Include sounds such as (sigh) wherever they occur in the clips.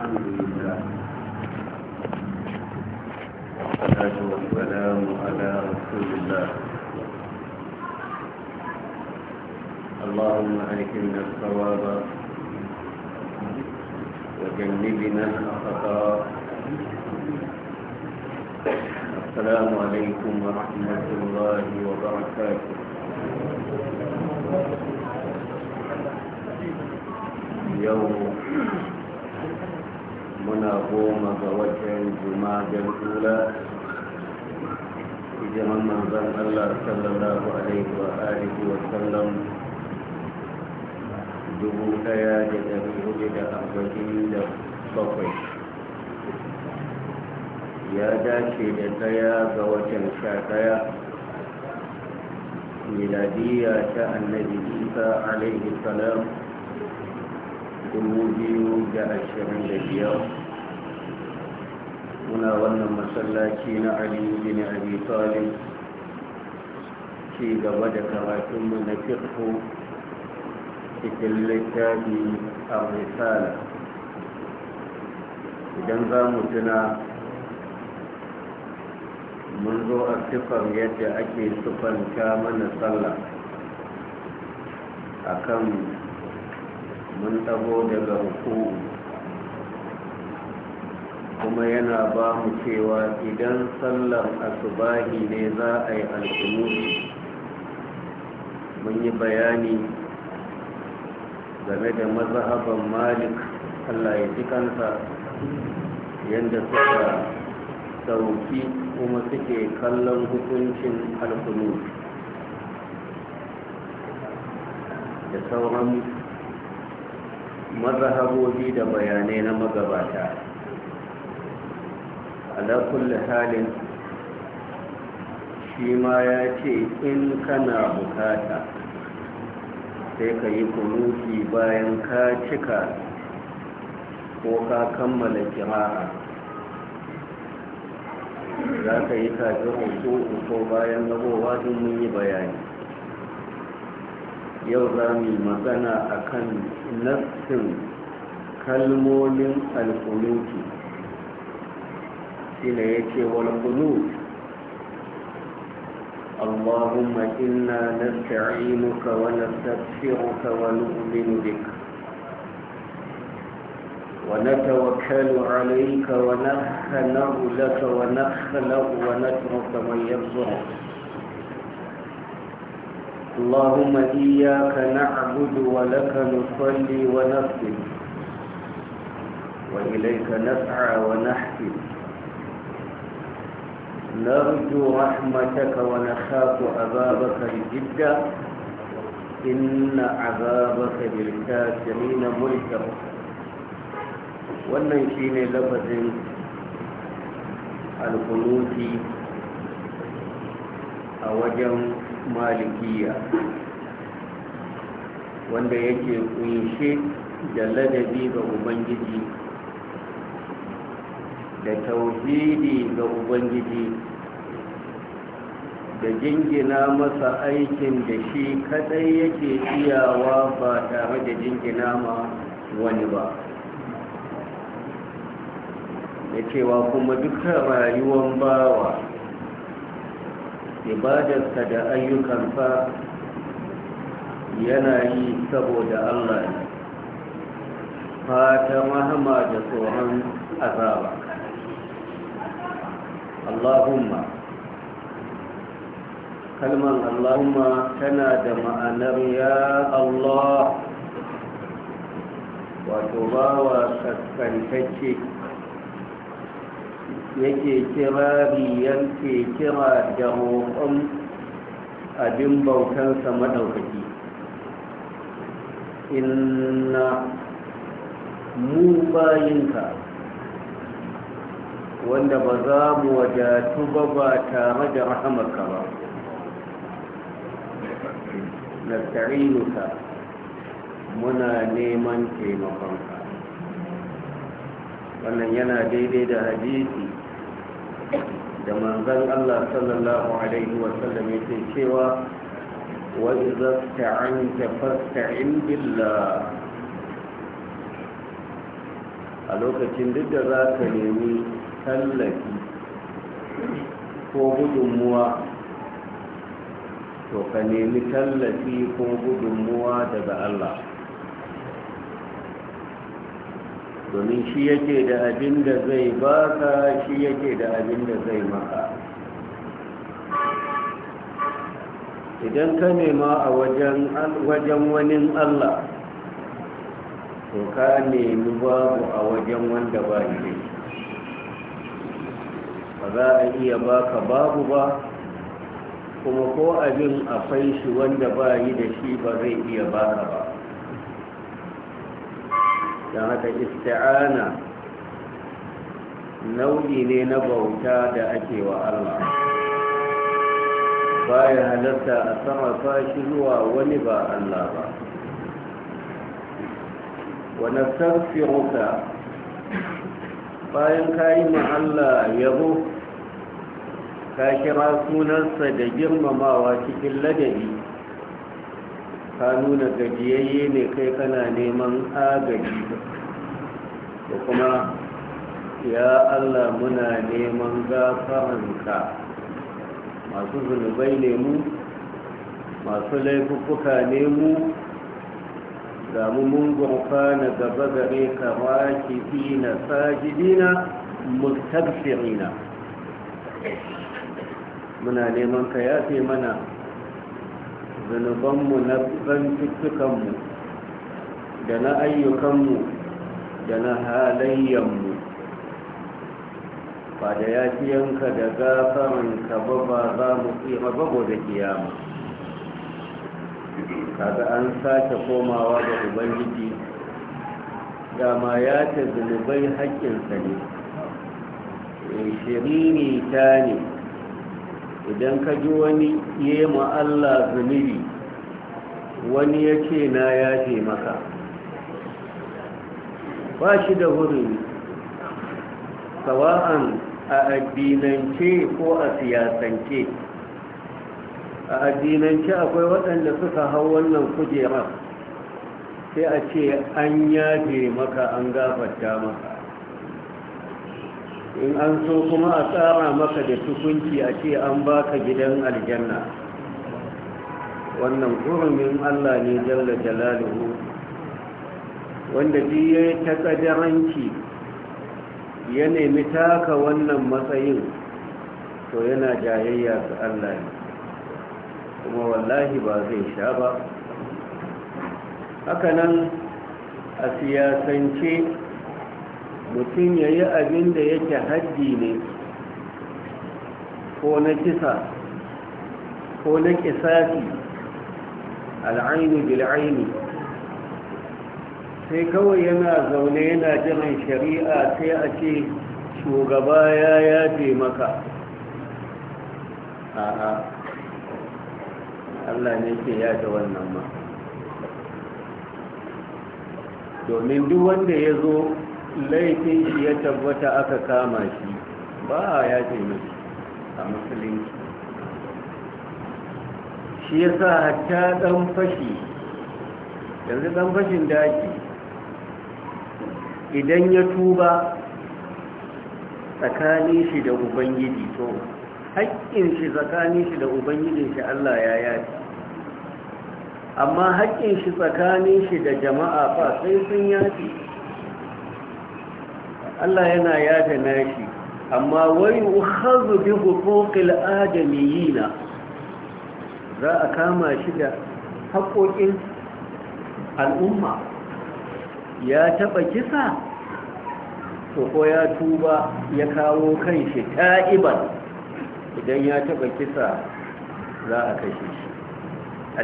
الحمد لله والصلاة والسلام على رسول الله اللهم ألهمنا الصواب وجنبنا الخطأ السلام عليكم ورحمة الله وبركاته اليوم muna goma ga watan jumagen ula hijiman manzan allah sallallahu alaihi wa alihi wa sallam dubu daya da dari hudu da arba'in da bakwai ya dace da daya ga watan sha daya miladiyya ta annabi isa alaihi salam da biyar. muna wannan masallaci na aliyu bin abi talib ci gaba da karatunmu na fiƙo cikin littafi a risala idan za mu tuna mun zo a siffar yadda ake sufanta mana sallah akan mun tabo daga ruku kuma yana ba mu cewa idan sallar asubahi ne za a yi alkunuti mun yi bayani game da mazahaban malik allah ya ci kansa yadda suka sauki kuma suke kallon hukuncin alkunuti da sauran mazhabobi da bayanai na magabata ala kulli halin shi ma ya ce in kana bukata sai ka yi kunuki bayan ka cika ko ka kammala kira'a za ka yi kafin ko bayan rabowa don yi bayani yau za mu magana a kan nassin kalmomin alkunuti shine ya ce walkunut اللهم إنا نستعينك ونستغفرك ونؤمن بك ونتوكل عليك ونخنع لك ونخلق ونترك من يرزقك اللهم إياك نعبد ولك نصلي ونصلي وإليك نسعى ونحفي نرجو رحمتك ونخاف عذابك الجدة إن عذابك للكافرين ملكم wannan shine lafazin alkunuti a wajen malikiya wanda yake kunshe da ladabi ga ubangiji da tauhidi ga ubangiji da jingina masa aikin da shi kadai yake iyawa ba tare da jingina ma wani ba da cewa kuma dukkan rayuwan bawa ibadarsa da ayyukansa yana yi saboda Allah ne fata mahama da tsoron azaba Allahumma kalmar Allahumma tana da ma'anar ya Allah wato bawa kaskantacce yake kirari yake kira da roƙon abin bautansa maɗaukaki inna mu bayinka wanda ba za mu wadatu ba ba tare da rahamarka ba Na ka, muna neman taimakonka wannan yana daidai da hadisi da manzan Allah sallallahu alaihi wasallam yake cewa wa idza ta'anta fasta'in billah a lokacin duk da za ka nemi tallafi ko gudunmuwa to ka nemi tallafi ko gudunmuwa daga Allah domin shi yake da abin da zai baka shi yake da abin da zai maka idan ka nema a wajen wani allah to ka nemi babu a wajen wanda ba ne ba za a iya baka babu ba kuma ko abin akwai shi wanda ba yi da shi ba zai iya baka ba Da haka isti'ana nau'i ne na bauta da ake wa Allah baya halarta a sarrafa shi zuwa wani ba Allah ba wani sarfiruka bayan kayi ma Allah yabo ka kira sunansa da girmamawa cikin ladabi ka nuna gajiyayye ne kai kana neman agaji da kuma ya allah muna neman gafaranka masu zunubai ne mu masu laifuka ne mu ga mu mun na gaba gare ka fi na sajidina muna neman ka yafe mana zunubanmu na zantuttukanmu da na ayyukanmu da na halayyanmu ba da ya ci yanka da gafaranka ba ba za mu tsira ba da kiyama kaga an sake komawa da ubangiji dama ya ce zunubai haƙƙinsa ne eh, Shirini ta ne idan ka ji wani ya yi Allah zunubi wani ya ce na yaje maka ba shi da hurin sawa'an a addinance ko a siyasance a addinance akwai waɗanda suka hau wannan kujerar sai a ce an yaje maka an gafarta maka in an so kuma a tsara maka da tukunci a ce an baka gidan aljanna wannan kurumin Allah ne jalla jalaluhu wanda ji ya yi takadaranci ya nemi taka wannan matsayin to yana jayayya ga Allah ne kuma wallahi ba zai sha ba hakanan a siyasance mutum ya yi abin da yake haddi ne ko na kisa ko na kisafi al'ainu bil'aini sai kawai yana zaune yana jiran shari'a sai a ce shugaba ya yaje maka a'a Allah ne ke yaje wannan ma domin duk wanda ya zo laifin shi ya tabbata aka kama shi ba ya mai a musulunci shi ya sa hatta ɗan fashi yanzu ɗan fashin daji idan ya tuba tsakanin shi da ubangiji to haƙƙin shi tsakanin shi da ubangijin shi Allah ya yaki. amma haƙƙin shi tsakanin shi da jama'a fa sai sun yaki. Allah yana yada nashi amma wai ukhadhu bi huquqil adamiyina za a kama shi da haƙoƙin al'umma ya taɓa kisa to ko ya tuba ya kawo kanshi ta'iban idan ya taɓa kisa za a kashe shi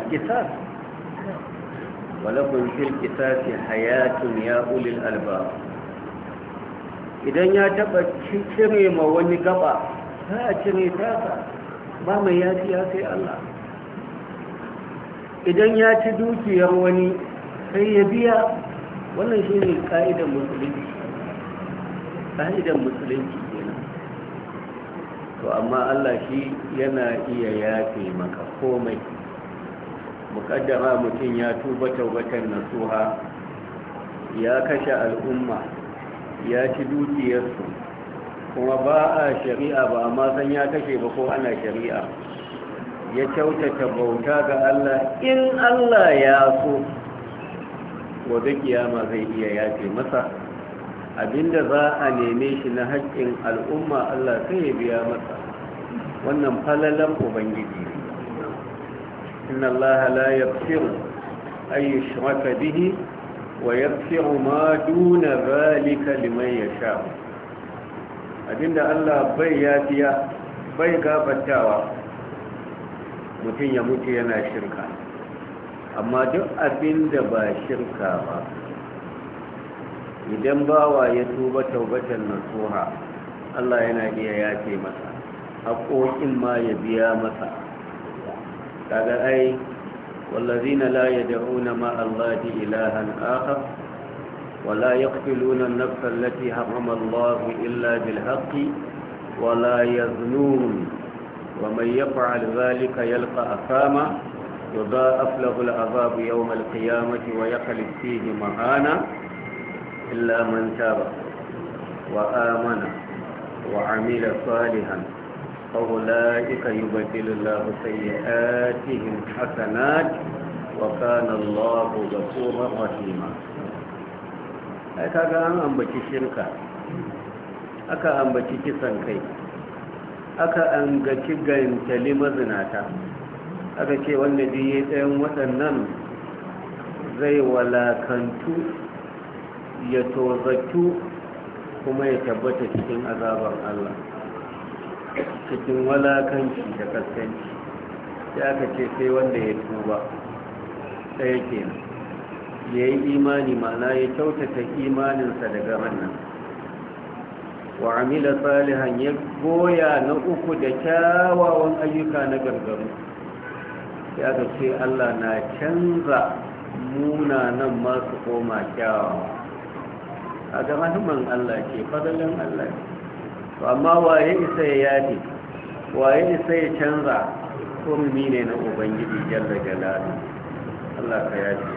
al-kisas walakun fil kisasi hayatun ya ulil albab idan ya taba cire ma wani gaba sai a cire tasa ba mai ya sai Allah idan ya ci dukiyar wani sai ya biya wannan shi ne ka'idan musulunci ka'idan musulunci kenan to amma Allah shi yana iya yafe maka komai muƙaddara mutum ya tuba taubatan nasuha ya kashe al'umma ya ci dukiyarsu kuma ba a shari'a ba amma san ya kashe ba ko ana shari'a ya kyautata bauta ga Allah in Allah ya so ya kiyama zai iya yafe masa abinda za a neme shi na haƙƙin al'umma Allah sai ya biya masa wannan falalan ubangiji ne inna Allah la yaghfiru ay yushraka bihi wa yaghfiru ma duna ya sha, abinda Allah bai yafiya bai gabatawa mutum ya mutu yana shirka amma duk abinda ba shirka ba idan bawa ya tuba taubatan nasuha Allah yana iya yafe masa haƙoƙin ma ya biya masa daga ai والذين لا يدعون مع الله إلها آخر ولا يقتلون النفس التي حرم الله إلا بالحق ولا يذنون ومن يفعل ذلك يلقى أثاما يضاءف له العذاب يوم القيامة ويخلد فيه مهانا إلا من تاب وآمن وعمل صالحا فأولئك يبدل الله سيئاتهم حسنات وكان الله غفورا رحيما ai kaga an ambaci shirka aka ambaci kisan kai aka angaci gantali mazinata aka ce wanda biye tsayin waɗannan zai walakantu ya tozatu kuma ya tabbata cikin azabar Allah cikin walakanci da kaskanci sai aka ce sai wanda ya tuba ɗaya ke ya yi imani mana ya kyautata imaninsa daga wannan wa amila salihan ya goya na uku da kyawawan ayyuka na gargaru sai aka ce allah na canza munanan masu koma kyawawa a ga allah ke fadalin allah ne amma waye isa ya yadi waye isa ya canza Ko mimi ne na ubangiji jalla jalali Allah ka yafe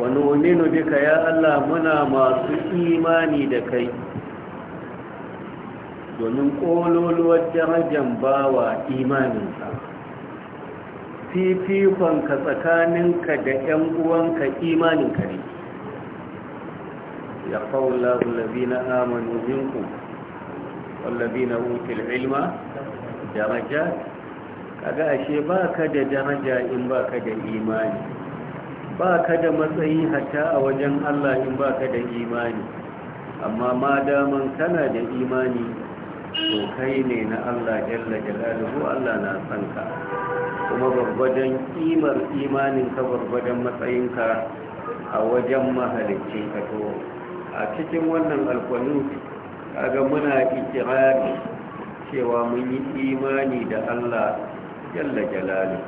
wa nu'minu bika ya Allah muna masu imani da kai domin kololuwar darajar bawa imaninsa fifikonka tsakaninka da 'yan uwanka imaninka ne يقول الله الذين آمنوا منكم والذين أوتوا العلم درجات kaga ashe ba ka da daraja in baka da imani baka da matsayi hatta a wajen Allah in baka da imani amma ma daman kana da imani to kai ne na Allah jalla jalaluhu Allah na san ka kuma gwargwadon kimar imanin ka gwargwadon matsayinka a wajen mahalicci ka to a cikin wannan a kaga muna ikirari cewa mun yi imani da Allah jalla jalali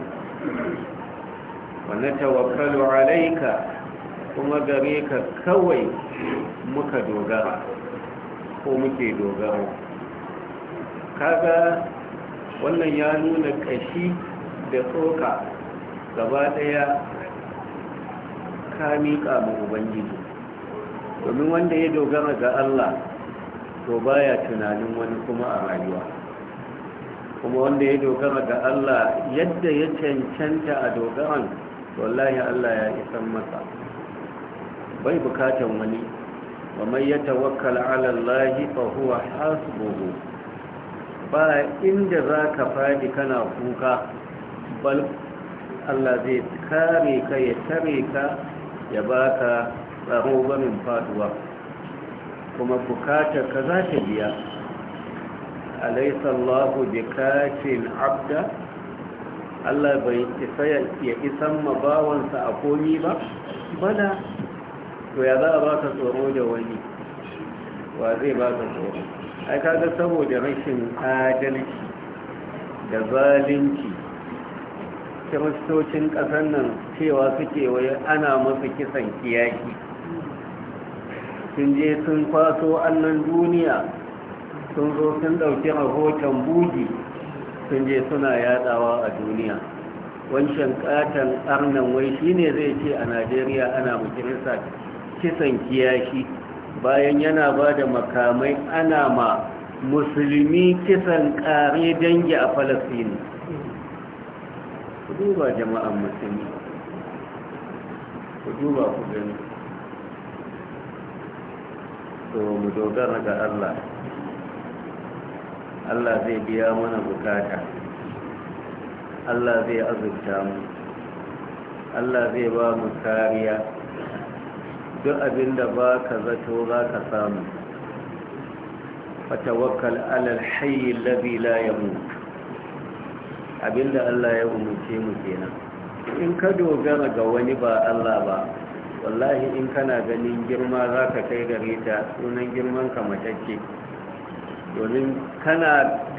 wannan tawakkalu alaika kuma gare ka kawai muka dogara ko muke dogaro kaga wannan ya nuna kashi da tsoka gaba daya ka miƙa ma ubangiji domin wanda ya dogara ga Allah to baya tunanin wani kuma a rayuwa kuma wanda ya dogara ga Allah yadda ya cancanta a dogaran wallahi Allah ya isan masa bai bukatan wani wa mai ya tawakkala ala Allah fa huwa hasbuhu ba inda zaka fadi kana kuka bal Allah zai kare ka ya tare ka ya baka tsaro ba faduwa kuma bukatar ka za ta biya alaisallahu bi kacin abda Allah bai isa ya isan mabawansa a komi ba bada to ya za a ka tsoro da wani wa zai ka tsoro A kaga saboda rashin adalci da zalunci kiristocin ƙasar nan cewa suke wai ana masu kisan kiyaki sun je sun faso annan duniya sun zo sun ɗauki rahoton bugi sun je suna yadawa a duniya wancan katon arnan wai shine zai ce a najeriya ana mukirisa kisan kiyashi bayan yana ba da makamai ana ma musulmi kisan kare dangi a falasini ku duba jama'an musulmi ku duba ku gani to mu dogara ga Allah Allah zai biya mana bukata Allah zai azurta mu Allah zai ba mu kariya duk abin da ba ka zato za ka samu fatawakkal alal hayyin alladhi la yamut abinda Allah ya umurce mu kenan in ka dogara ga wani ba Allah ba wallahi in kana ganin girma za ka kai gare ta sunan girman kamatacce domin kana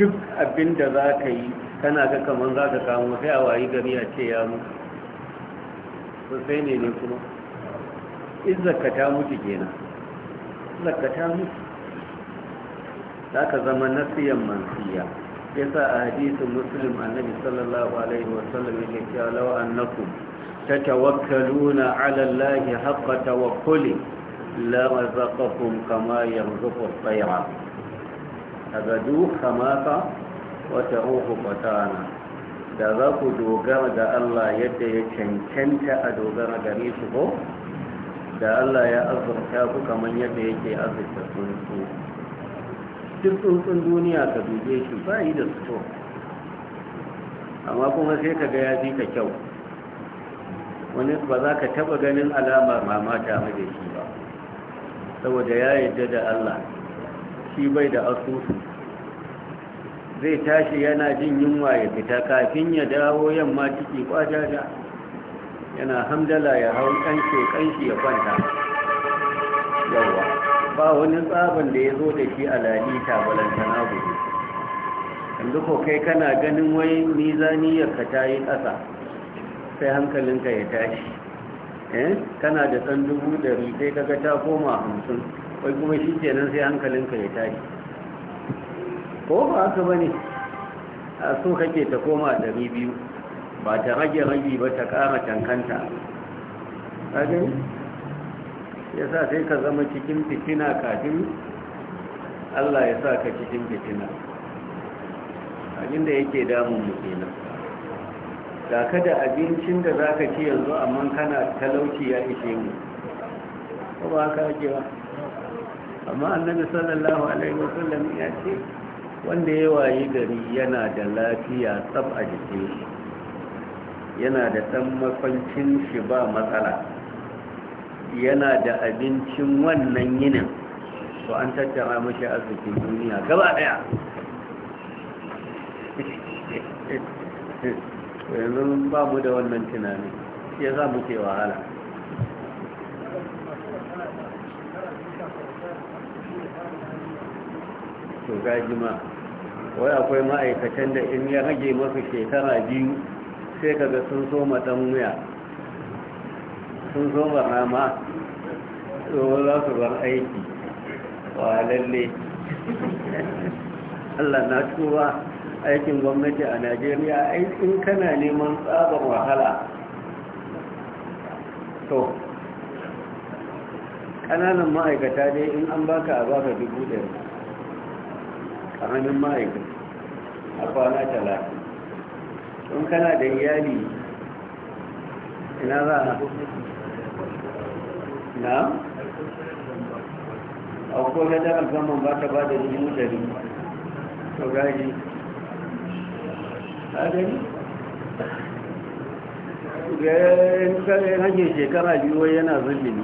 duk abin da za ka yi kana ga kaman za ka kamo sai a wayi gari a ce ya mutu sosai ne ne kuma izzaka ta mutu kenan izzaka ta mutu za ka zama nasiyan mansiya yasa a hadisin muslim annabi sallallahu alaihi wasallam yake cewa lawa annakum تتوكلون على الله حق توكله لرزقكم كما يرزق الطير تغدو خماك وتعوه بطانا da za ku dogara da Allah yadda ya cancanta a dogara gare shi ko da Allah ya azurta ku kamar yadda yake azurta tsuntsu duk tsuntsun duniya ka dube shi ba yi da suto amma kuma sai ka ga ya fi ka kyau wani ba za ka taba ganin alamar mamata ta da shi ba saboda ya yadda da Allah shi bai da asusu zai tashi yana jin yunwa ya fita kafin ya dawo yamma ciki da yana hamdala ya hau kanshi kanshi ya kwanta yawa ba wani tsabin da ya zo da shi a lalita balantana gobe yanzu ko kai kana ganin wai mizaniyar ka ta yi ƙasa sai hankalinka ya tashi eh kana da san dubu ɗari sai kaga ta koma hamsin wai kuma shi kenan sai hankalinka ya tashi ko ba haka ba ne a so kake ta koma ɗari biyu ba ta rage ragi ba ta ƙara cankanta ƙagin ya sa sai ka zama cikin fitina kafin allah ya sa ka cikin fitina abinda yake damun mu kenan da ka da abincin da za ka ci yanzu amma kana talauci ya ishe mu ko ba ka ake ba amma annabi sallallahu alaihi wasallam ya ce wanda ya wayi gari yana da lafiya tsab a jikin shi yana da dan makwancin shi ba matsala yana da abincin wannan yinin to an tattara mashi arzikin duniya gaba ɗaya (laughs) yanzu ba da wannan tunani ya za mu wahala to gaji ma wai akwai ma'aikatan da in ya rage masu shekara biyu sai kaga sun so matan muya sun so rama tsohon za su bar aiki wa lalle (laughs) Allah na tuwa aikin gwamnati a najeriya in kana neman tsabar wahala to ƙananan ma'aikata dai in an baka a baka dubu ɗaya ƙananan ma'aikata a kwana talatin in kana da iyali ina za a na? a kowane da alfaman ba ta ba da dubu ɗari to gaji ya hajji shekara biyu yana zulumi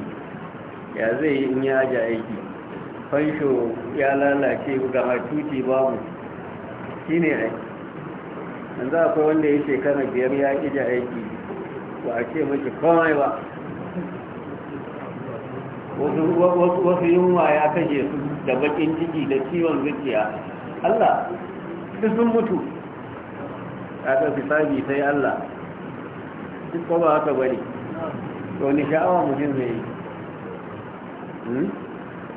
ya zai yi in yaji aiki fansho ya lalace ga hatuti babu shi ne aiki za akwai wanda ya shekara biyar ya ƙi aiki ba a ce mace komai ba wasu yunwa ya kaje su da bakin ciki da ciwon zuciya allah Su sun mutu kaga sabi sai Allah duk ko ba haka bane to ni sha'awa mutum zai yi hmm?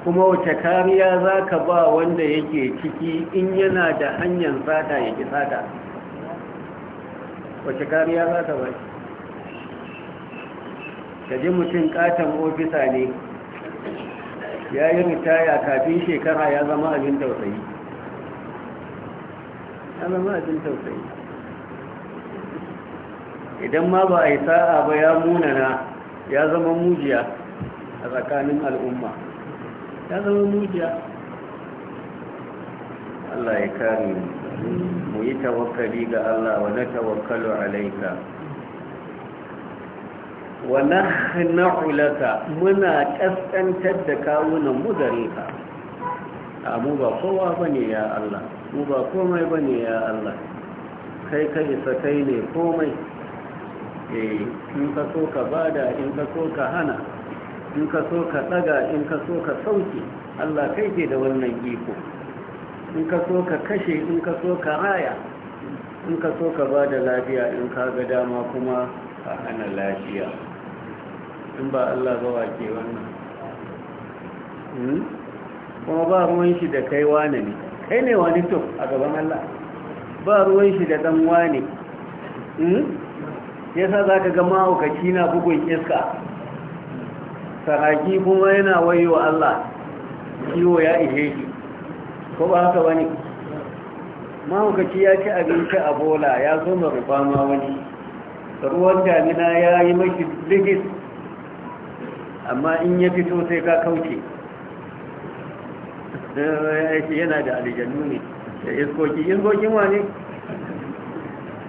kuma wace kariya za ka ba wanda yake ciki in yana da hanyar sata ya ki sata wace kariya za ka ba ka ji mutum katon ofisa ne ya yi ritaya kafin shekara ya zama abin tausayi ya zama abin tausayi idan ma ba a yi sa'a ba ya munana ya zama mujiya a tsakanin al'umma ya zama mujiya Allah ya kari mu yi tawakali ga Allah wa na tawakkalu alaika wa na laka muna ƙasƙantar da kawunan mu gare ka mu ba kowa ba ne, ya Allah mu ba komai ba ne, ya Allah kai kai isa kai ne komai Eh, in ka so ka bada in ka so ka hana in ka so ka daga in ka so ka sauke Allah kai ke da wannan iko in ka so ka kashe in ka so ka raya in ka so ka bada lafiya in ka ga dama kuma ka hana lafiya in ba Allah ba wake wannan hmm? kuma ba ruwan shi da kai wane ne kai ne wani to a gaban Allah ba ruwan shi da dan wane hmm? yasa za ka ga mahaukaci na bugun iska saraki kuma yana wayo Allah kiwo ya ihe shi ko ba haka wani mahaukaci ya ci abinci a bola ya zo rufa ma wani ruwan damina ya yi mashi digis amma in ya fito sai ka kauce eh, yana da alijannu ne da iskoki iskokin wane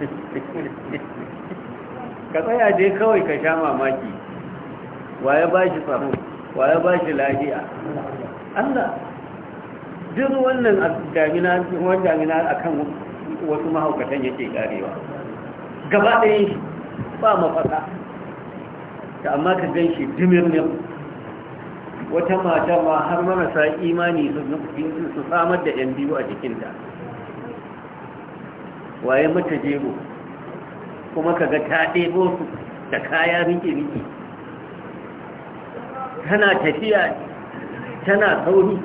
(laughs) ka tsaya dai kawai ka sha mamaki Wa ya ba shi tsaro wa ya ba shi lafiya allah duk wannan damina a kan wasu mahaukatan yake karewa gaba ɗaya ba mafaka ta amma ka gan shi dimirnin wata mata ma har marasa imani su samar da yan biyu a jikinta waye mata jego kuma kaga ta ɗebo su da kaya rike riƙe tana tafiya tana sauri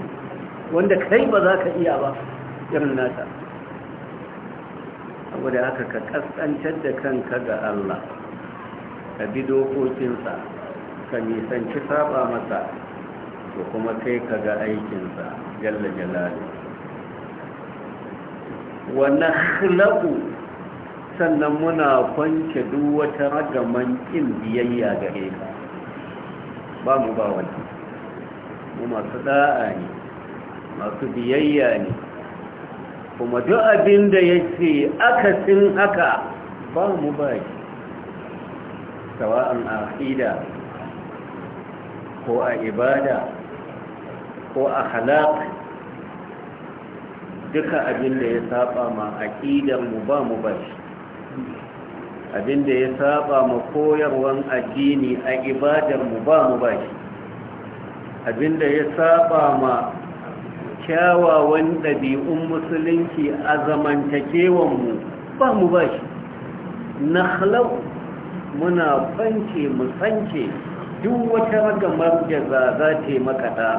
wanda kai ba za ka iya ba irin nata abu da haka ka kaskantar da kanka ga Allah ka bi dokokinsa ka nisanci saba masa ko kuma kai ka ga aikinsa jalla jalali wannan khalaku sannan muna kwanke duk wata ragaman ƙin biyayya gare ka ba mu ba wani mu masu da'a ne masu biyayya ne kuma duk abin da ya ce akasin haka ba mu ba shi sawa'an aqida ko a ibada ko a halaƙa duka abin da ya saba ma aqidar mu ba mu ba shi abinda ya saba ma koyarwan addini a ibadar mu ba mu ba shi abinda ya saba ma kyawawan ɗabi'un musulunci a zamantakewan mu ba mu ba shi na muna banke mu sanke duk wata ragamar da za za ta yi makaɗa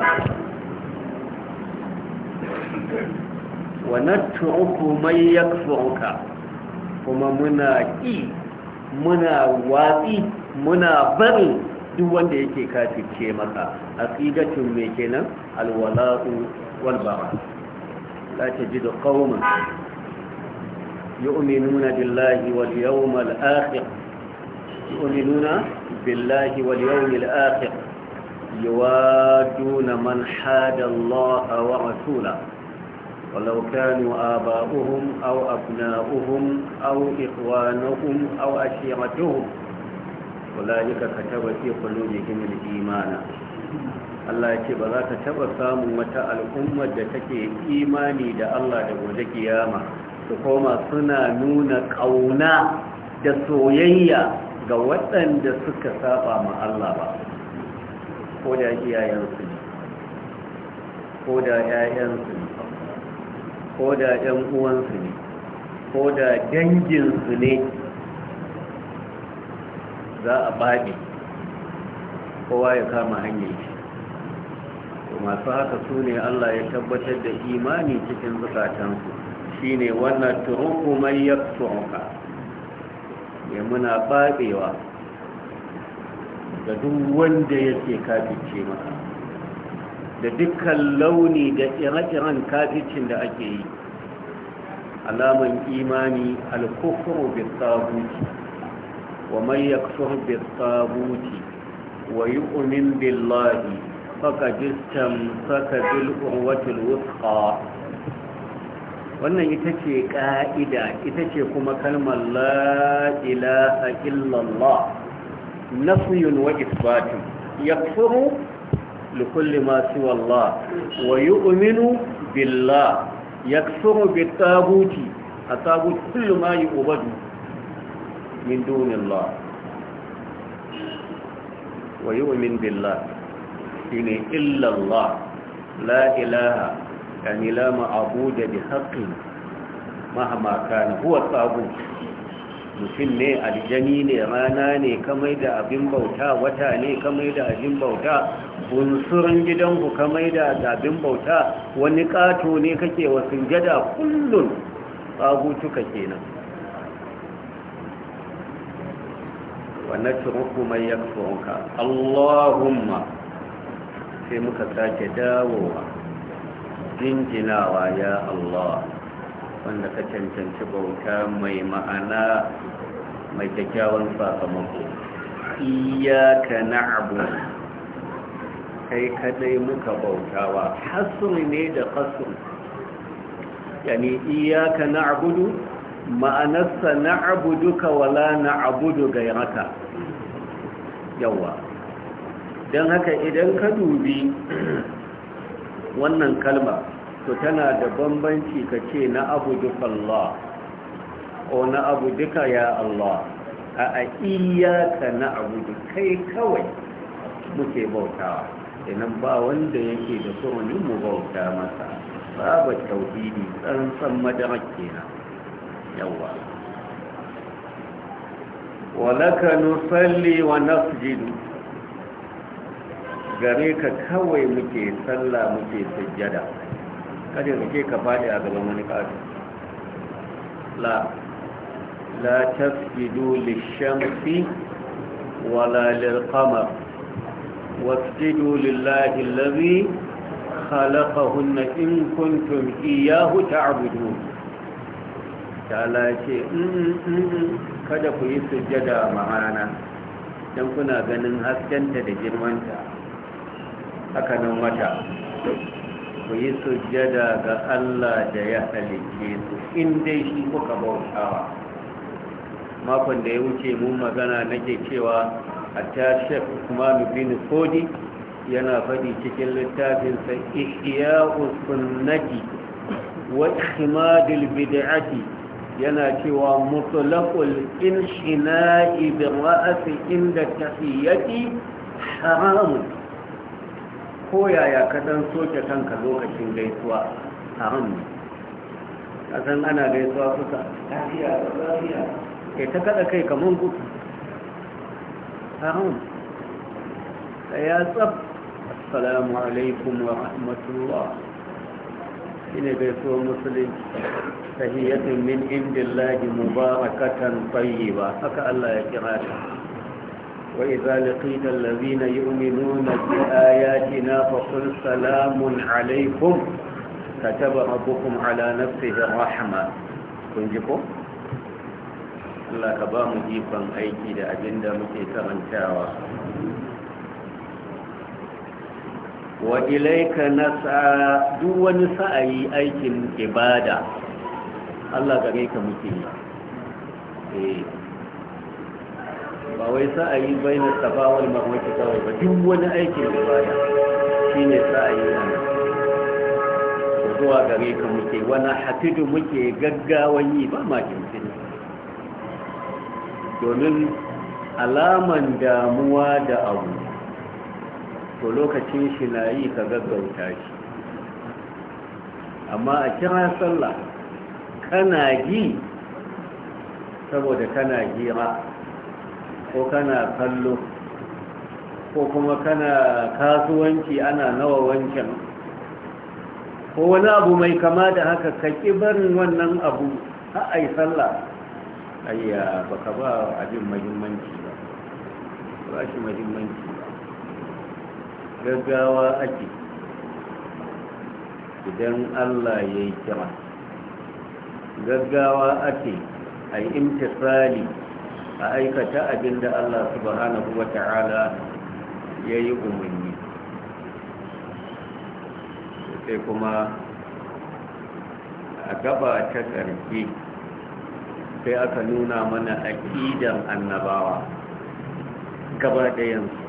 wa na tu'uku mai yakfuruka kuma muna ƙi muna watsi muna barin duk wanda yake kafirce maka A aqidatun mai kenan alwala'u wal bara da tajidu qauman yu'minuna billahi wal yawmal akhir yu'minuna billahi wal yawmil akhir yuwaduna man hada Allah wa rasulahu ولو كانوا آباؤهم أو أبناؤهم أو إخوانهم أو أشيرتهم أولئك كتب في قلوبهم الإيمان Allah ya ce ba za ka taɓa samun wata al'ummar da take imani da Allah da gobe kiyama su koma suna nuna ƙauna da soyayya ga waɗanda suka saba ma Allah ba ko da iyayensu ko da 'ya'yansu ko da ɗan uwansu ne ko da danginsu ne za a baɗi kowa ya kama hanyar shi masu haka su ne Allah ya tabbatar da imani cikin zukatansu shi ne wannan turuku mai ya tsoronka ya muna baɗewa ga duk wanda yake ce maka da dukkan launi da ire-iren kafircin da ake yi alaman imani alkufru bi tsabuti wa man yakfur bi tsabuti wa yu'min billahi faqad istamsaka bil urwati Wuska. wannan ita ce ƙa'ida ita ce kuma kalmar la ilaha illallah nafyun wa ya yakfuru لكل ما سوى الله ويؤمن بالله يكفر بالتابوت التابوت كل ما يؤبد من دون الله ويؤمن بالله إن إلا الله لا إله يعني لا معبود بحق مهما كان هو التابوت mutum ne aljani ne rana ne kamai da abin bauta wata ne kamai da abin bauta bunsurin gidanku ka da dabin bauta wani ƙato ne kake wa sujada kullun tsagutuka kenan wannan turuku mai ya allahumma sai muka sake dawowa jinjinawa ya allah wanda ka cancanci bauta mai ma'ana mai kyakkyawan sakamako iyaka abu. kai kadai muka bautawa hasri ne da qasr yani iyyaka na'budu ma'anarsa na'buduka wala na'budu gayraka yawa dan haka idan ka dubi (clears throat) wannan kalma to tana da bambanci ka ce na Allah ko na ya Allah a iyaka na abudu kai kawai muke bautawa kenan ba wanda yake da surunin mu bauta masa babu tauhidi tsantsan madarar kenan yawa walaka nusalli wa nasjidu gare ka kawai muke sallah muke sujjada kada muke ka faɗi a gaban wani ƙasa la la tasjudu lishamsi wala lil واسجدوا لله الذي خلقهن إن كنتم إياه تعبدون تعالى شيء kada ku yi sujjada ma rana don kuna ganin haskenta da girmanta hakanan wata ku yi sujjada ga Allah da ya halicce su in dai shi kuka bautawa makon da ya wuce mun magana nake cewa hatta shek kuma bin kodi yana faɗi cikin littafinsa ihya'u sunnati wa ihtimadul bid'ati yana cewa mutlaqul inshina'i bi ra'si inda tahiyyati haram ko yaya ka dan soke kanka lokacin gaisuwa haram ne kasan ana gaisuwa kusa lafiya lafiya kai ta kada kai kaman gudu haram da ya tsab assalamu alaikum wa rahmatullah shine gaisuwar musulunci tahiyatun min indillahi mubarakatan tayyiba haka Allah ya kirata ta wa idza laqita allazina yu'minuna bi ayatina salamun alaykum kataba rabbukum ala nafsihi rahma kun ko Allah ka ba mu ikon aiki da abin da muke karantawa wa ilaika nasa duk wani sa'ayi aikin ibada Allah gare ka muke yi eh, ba wai sa'ayi bai na tafawar mamaki kawai ba duk wani aikin ibada shi ne sa'ayi nan zuwa gare ka muke wani hafidu muke gaggawan yi ba ma kimfini domin alaman damuwa da abu to lokacin shi na yi ka gaggauta shi amma a kira sallah kana gi saboda kana gira ko kana kallo ko kuma kana kasuwanci ana nawa wancan ko wani abu mai kama da haka ka ƙi barin wannan abu ha'ai sallah ayya baka ba abin mahimmanci ba ba shi mahimmanci ba gaggawa ake idan allah ya yi kira gaggawa ake a yi imtisali a aikata abin da allah subhanahu wa ta'ala ya yi umarni sai kuma a gaba ta ƙarfi sai aka nuna mana aƙidan annabawa gaba ɗayansu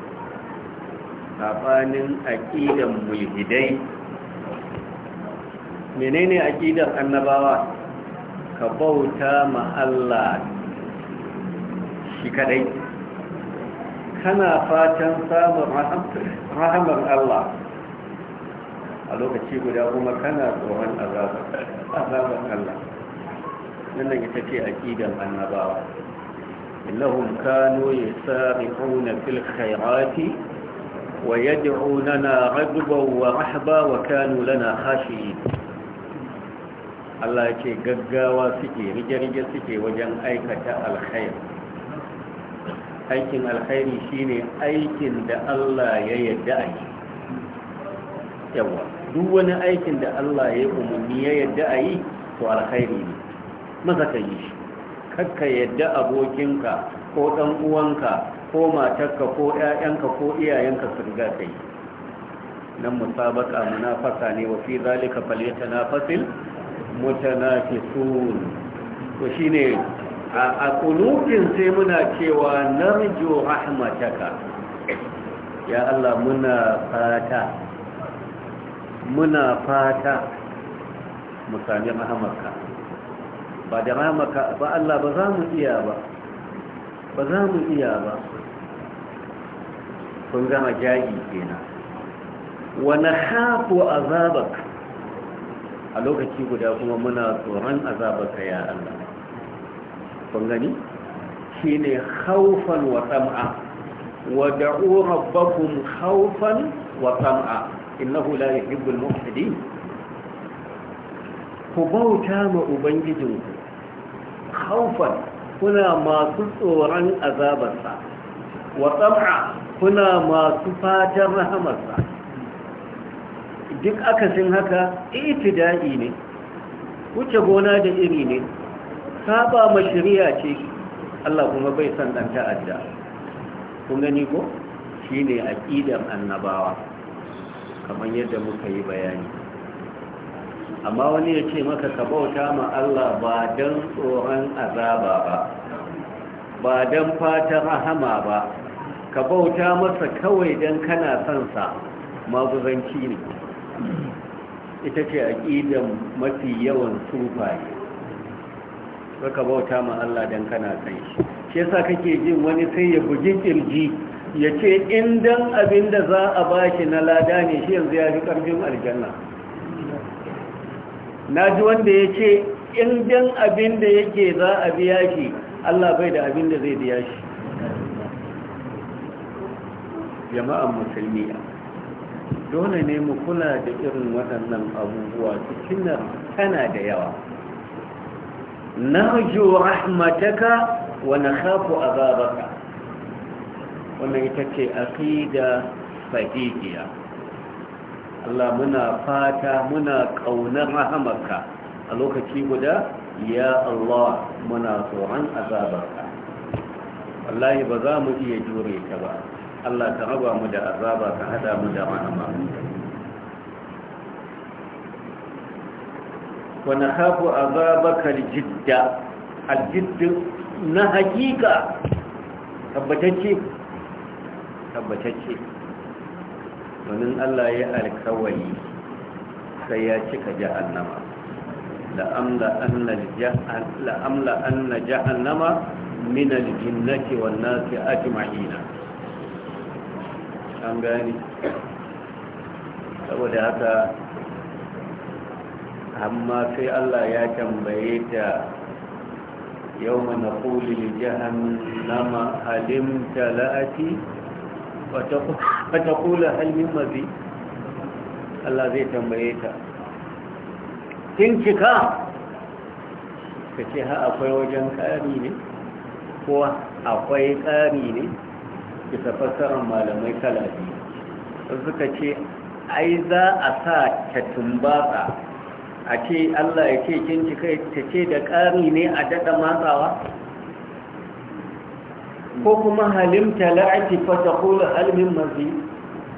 aƙidan mulhidai menene aƙidan annabawa ka bauta ma Allah shi kadai kana fatan samun rahamar Allah a lokaci guda kuma kana tsoron azabar Allah wannan ita ce aqidan annabawa innahum kanu yasari'una fil khairati wa yad'unana ragban wa rahba wa kanu lana khashi'in Allah ce gaggawa suke rige-rige suke wajen aikata alkhair aikin alkhairi shine aikin da Allah ya yadda a yi yawa duk wani aikin da Allah ya umarni ya yarda a yi to alkhairi ne maza ka yi shi kakka yadda abokinka ko ɗan uwanka ko matarka ko ƴaƴanka ko iyayenka su riga ka yi nan musabaka munafasa ne wa fi zalika falyatanafasil mutanafisun to ne a kunufin sai muna cewa rijo rahmataka ya Allah muna fata muna fata mu sami rahmarka ba da ramaka ba Allah ba za mu iya ba ba za mu iya ba kun zama jagi kenan wa nakhafu azabak a lokaci guda kuma muna tsoron azabaka ya Allah kun gani ne haufan wa tam'a wa da'u rabbakum khawfan wa tam'a innahu la yuhibbul muhtadin ku bauta ma ubangijinku haufan kuna masu tsoron azabarsa wa tsam'a kuna masu fatan rahamarsa duk akasin haka itida'i ne wuce gona da iri ne saba ma shari'a ce Allah kuma bai san dan ta'adda kun gani ko shine aqidar annabawa kamar yadda muka yi bayani amma wani ya ce maka ka bauta ma Allah ba don tsoron azaba ba ba don fatan rahama ba ka bauta masa kawai don kana son sa maguzanci ne ita ce a ƙidan mafi yawan tsufa ne ka bauta ma Allah don kana son shi ke yasa kake jin wani sai ya bugi ƙirji? ya ce in don abin da za a bashi na lada ne shi yanzu ya fi ƙarfin aljanna na ji wanda ya ce in abin da yake za a biya shi Allah bai da abin da zai biya shi jama'an musulmiya dole ne mu kula da irin waɗannan abubuwa cikin nan tana da yawa ju rahmataka wa a zaɓaka wannan ita ce da sahihiya Allah muna fata muna ƙaunar rahamarka a lokaci guda ya Allah muna tsoron azabarka wallahi ba za mu iya jure ta ba Allah ta raba mu da azaba ka hada mu da rahama wa nakhafu azabaka aljidda aljidd na hakika tabbatacce tabbatacce domin Allah ya alkawari sai ya cika jahannama la'amla anna jahannama min aljinnati wan nasi ajma'ina an gani saboda haka amma sai Allah ya tambaye ta yau mana kulin jahannama halimta la'ati wata kula halin mazi Allah zai tambaye ta kin cika ka ce ha akwai wajen kari ne ko akwai kari ne ki fassarar malamai kala biyu suka ce ai za a sa ta tumbatsa a ce Allah ya ce kin cika ta ce da kari ne a daɗa matsawa ko kuma halimta la'ati fata kula almin mazi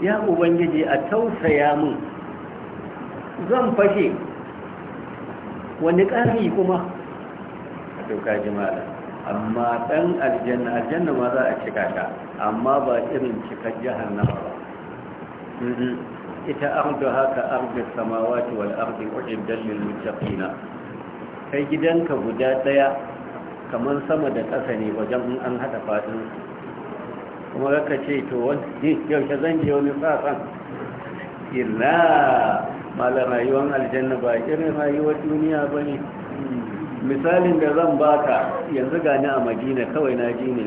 ya ubangiji a tausaya mun zan fashe wani ƙari kuma a doka jimala amma ɗan aljanna aljanna ma za a cika ta amma ba irin cikar jihannama ba mm-hmm. ita ardu haka ardu samawati wal ardu u'iddan lil muttaqina kai gidanka guda daya kamar sama da ƙasa ne wajen an haɗa faɗin kuma raka ce to wani yaushe zan je wani tsatsan illa malar rayuwar aljanna ba irin rayuwar duniya ba ne misalin da zan baka yanzu gani a madina kawai na ji ne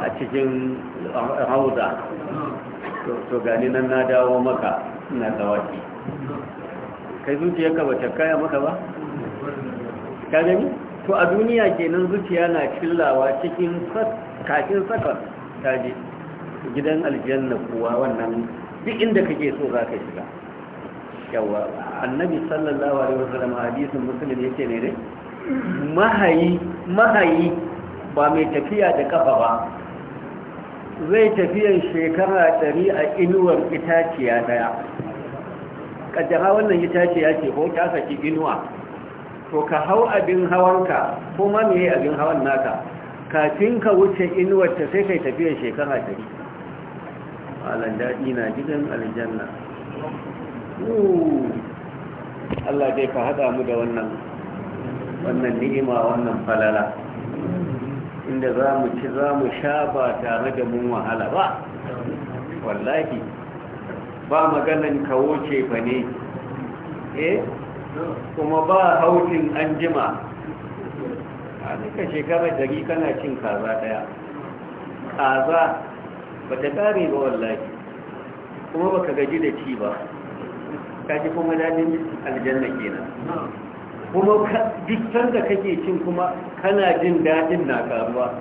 a cikin hauza to gani nan na dawo maka na tsawaki kai zuciyarka ba kaya maka ba ka gani to a duniya kenan zuciya na killawa cikin kakin sakar taje gidan aljanna kuwa wannan duk inda kake so za ka shiga yawa annabi sallallahu alaihi wasallam hadisin muslim yake ne ne mahayi mahayi ba mai tafiya da kafa ba zai tafiyan shekara ɗari a inuwar itaciya daya Ƙajara wannan itaciya ce ko ta saki inuwa to ka hau abin hawanka kuma me abin hawan naka kafin ka wuce inuwarta sai kai tafiyan shekara yi alan daɗi na gidan aljanna Allah dai ka haɗa mu da wannan wannan ni'ima wannan falala inda za mu ci za mu sha ba tare da mun wahala ba wallahi ba maganan ka wuce ba ne eh kuma ba haukin an jima a duka shekarar dari kana cin kaza daya kaza ba ta kare ba wallahi kuma ba ka gaji da ci ba kaji kuma dajin aljanna kenan kuma duk da kake cin kuma kana jin dajin na karuwa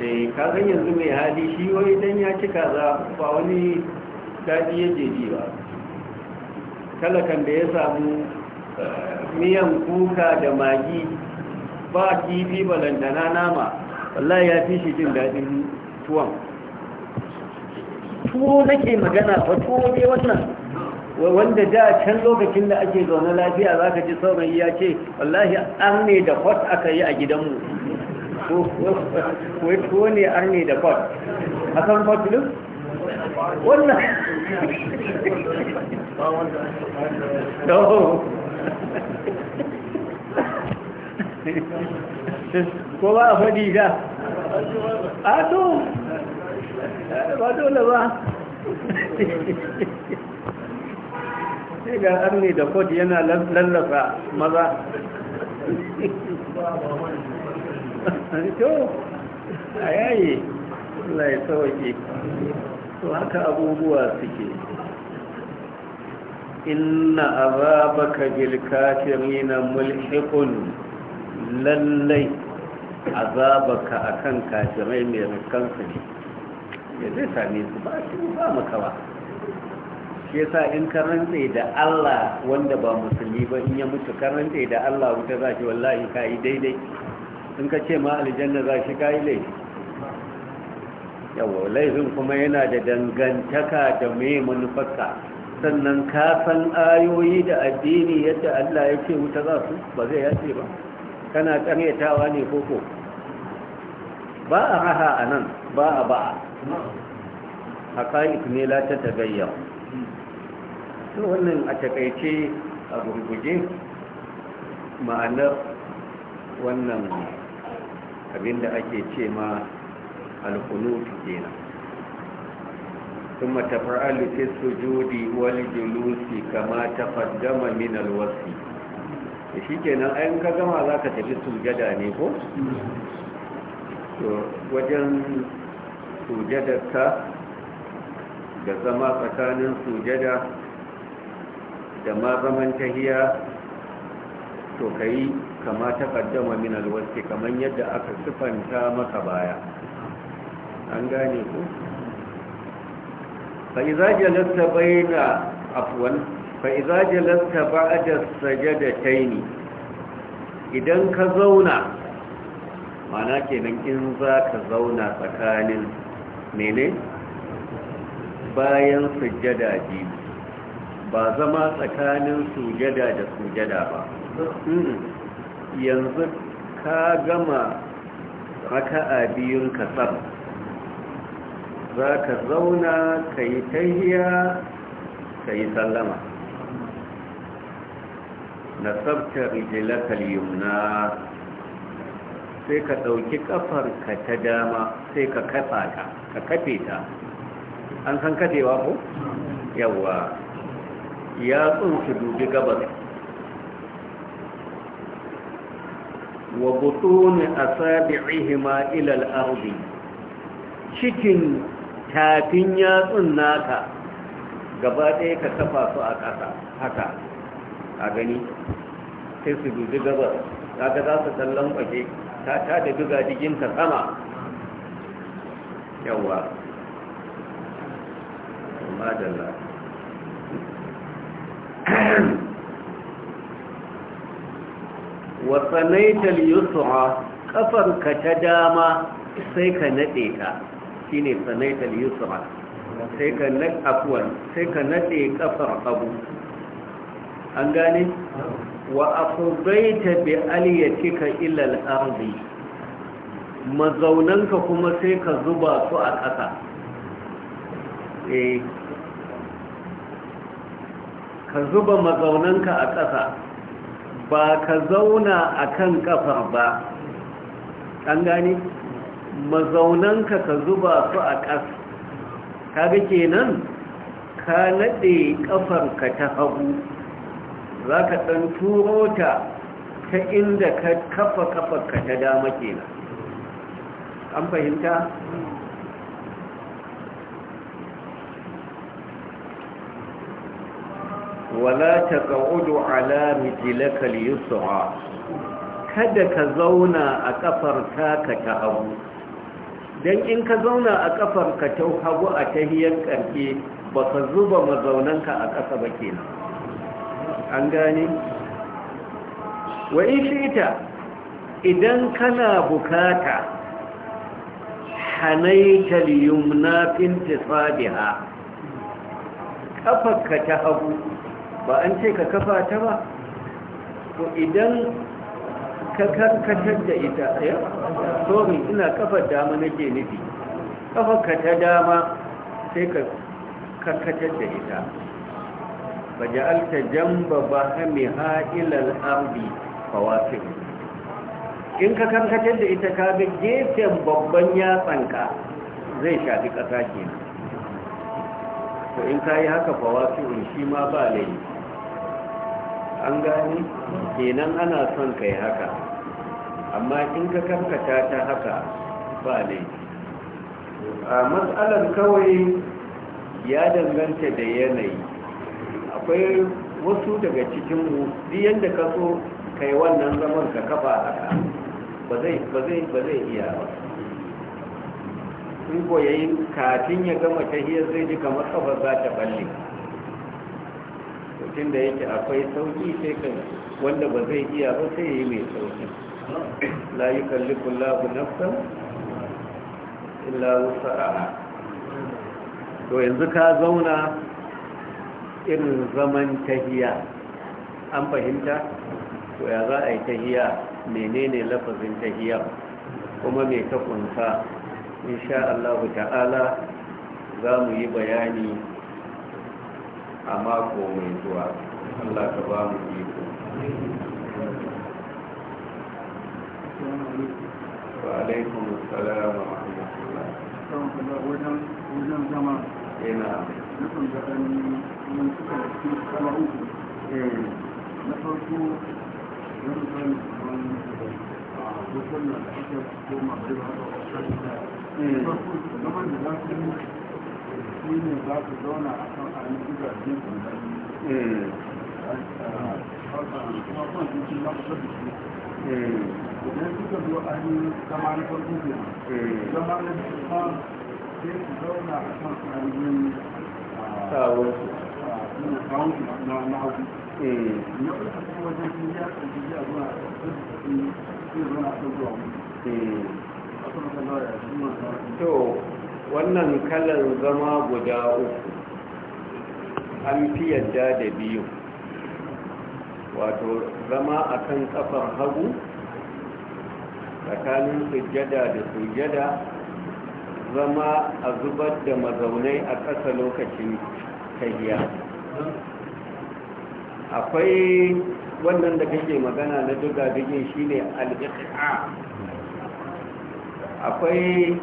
eh kazan yanzu mai hali shi wai dan ya ci kaza ba wani dadi yake ji ba talakan da ya samu eh, miyan kuka da magi ba kifi balantana nama wallahi ya fi shi jin daɗin tuwon tuwo nake magana ba tuwo ne wannan wanda da can lokacin da ake zaune lafiya za ka ji saurayi ya ce wallahi an ne da kwat aka yi a gidanmu wai tuwo ne an ne da kwat a kan kwat wannan ko ba a faɗi ga a to ba dole ba sai ga arni da kod yana lallafa maza to a yayi lai sauki to haka abubuwa suke inna azabaka bil kafirina mulhiqun lallai azabaka akan kafirai mai rikansu ne ya zai same su ba shi ba makawa shi yasa in ka rantse da Allah wanda ba musulmi ba in ya mutu karanta da Allah wuta za shi wallahi ka yi daidai in ka ce ma aljanna za shi ka yi laifi yawa laifin kuma yana da dangantaka da mai manufarka sannan ka ayoyi da addini yadda Allah ya ce wuta za su ba zai yace ba kana karyatawa ne koko ba a raha a nan ba a ba a ƙa'ik ne la ta tagayya su wannan a takaice a gurguje ma'anar wannan abinda ake ce ma alkunutu kenan ثم تفعل في السجود والجلوس كما تقدم من الوصف shi kenan ayin ka gama za ka tafi sujada ne ko? wajen sujadarka da zama tsakanin sujada da ma zaman tahiya to ka yi kama ta kaddama min alwasi kamar yadda aka sifanta maka baya an gane ko. فإذا جلست بين عفوا فإذا جلست بعد السجدتين idan ka zauna mana kenan in za ka zauna tsakanin mene bayan sujjada biyu ba zama tsakanin sujjada da sujjada ba yanzu ka gama raka'a biyun ka sama za ka zauna ka yi tahiya ka yi sallama na tsabta rijilakal yumna sai ka ɗauki ƙafar ka ta dama sai ka katsa ta ka kafe ta an san kafewa ko? yawwa ya tsunsu dubi gabas wa butuni asabi'ihima ila al-ardi cikin tafin yatsun naka gaba ɗaya ka kafa su a ƙasa haka a gani sai su dubi gaba kaga za su tallan ƙwashe ta ta da duga jikinta sama yawa madalla wasanaitar kafar ƙafarka ta dama sai ka naɗe ta shine sanaital yusra sai ka nan afwan sai ka nade kafar abu an gane wa afdaita bi aliyatika ila al-ardi mazaunanka kuma sai ka zuba su a ƙasa eh. ka zuba mazaunanka a ƙasa ba ka zauna a kan ƙafar ba an gani mazaunanka ka zuba su a ƙas kaga kenan ka naɗe ƙafarka ta hagu za ka ɗan turo ta ta inda ka kafa kafarka ta dama kenan an fahimta wala ta ƙa'udu ala mijilakal yusra kada ka zauna a ƙafar ka ta hagu don in ka zauna a kafar ka ta hagu a tahiyar karke ba ka zuba mazaunanka a ƙasa ba kenan an gane wa in idan kana bukata hanaitar yumna kafar ka ta hagu ba an ce ka kafa ta ba to idan ka karkatar da ita ya eh? sorry ina kafar dama nake nufi kafar ka ta dama sai ka karkatar da ita faja'alta jamba bahamiha ha al Ambi kawafin in ka karkatar da ita ka ga gefen babban yatsanka zai shafi ƙasa ke to in ka yi haka fawafir shi ma ba laifi an gani kenan ana son ka yi haka amma in ka karkata ta haka ba ne a matsalar kawai ya danganta da yanayi akwai wasu daga cikin mu yadda ka so kai wannan zaman ka kafa haka ba zai iya ba in koyayin kafin ya gama hiyar zai ji kamar za ta balle mutum da yake akwai sauki sai kan wanda ba zai iya ba sai yi mai sauki la yukallifu Allahu nafsan illa wusa'a to yanzu ka zauna irin zaman tahiya an fahimta to ya za a yi tahiya menene lafazin tahiya kuma mai ta kunsa insha Allah ta'ala za mu yi bayani a mako mai zuwa Allah ta ba mu iko wa alaikum assalam wa rahmatullah wajen zama yana nufin da ɗan yin suka kama uku na farko wani kan wani a wajen da ake koma bai ba da wasu da farko zaman da za su yi shi ne za su zauna a kan ainihin gidajen kuma kwanci shi na kusa da idan suka zo a yi zama na farko ke hmm. zama na sai su zauna a kan ainihin ah, su ah, na hagu hmm. na kuma wajen ya ya zuwa a kan su zuwa a kan zuwa hmm. to wannan kalar zama guda uku an fi yadda da biyu wato zama akan kafar hagu tsakanin sujjada da sujjada zama a zubar da mazaunai a ƙasa lokacin tahiya akwai wannan da kake magana na duga bigin shine al akwai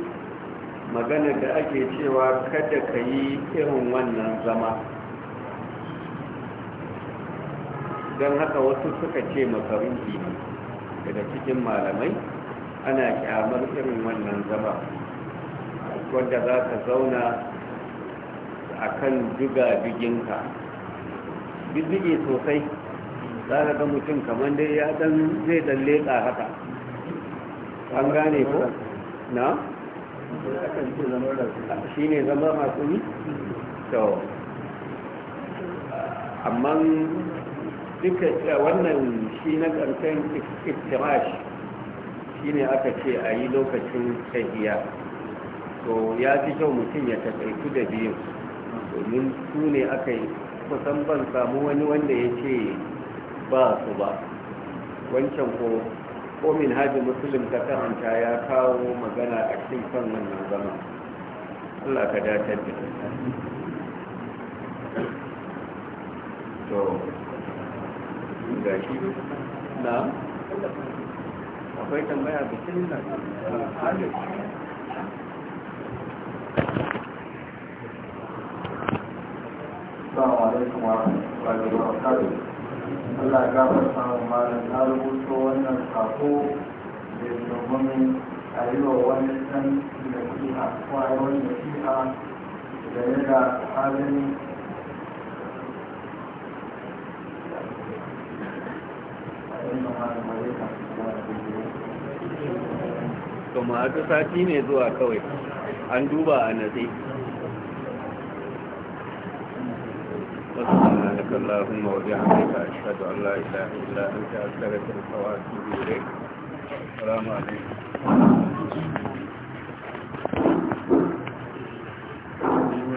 magana da ake cewa kada ka yi irin wannan zama don haka wasu suka ce ne daga cikin malamai ana kyamar irin wannan zama wadda za ka zauna a kan duga-duginka diddige sosai za ka ga mutum kamar dai ya dan zai dan leƙa haka an gane ko na? shi ne zama masu yi? to amma duka wannan shi na ƙarshen iftirash shine aka ce a yi lokacin tahiya to ya fi kyau mutum ya taƙaitu da biyu domin su ne aka yi kusan ban samu wani wanda ya ce ba su ba wancan ko komin hajji musulun ta karanta ya kawo magana a cikin kan wannan zama allah ka datar da to ga na akwai tambaya bikin nan Assalamu wa rahmatullahi wa Allah ya gafarta wa malam na rubuto wannan sako da domin a yi wa wani san da ke a da ke a da ya da halin a yi malam alaikum wa rahmatullahi kuma haka sati ne zuwa kawai an duba a nazi wasu na nakan lafin ka ta da kawai su biyu rai rama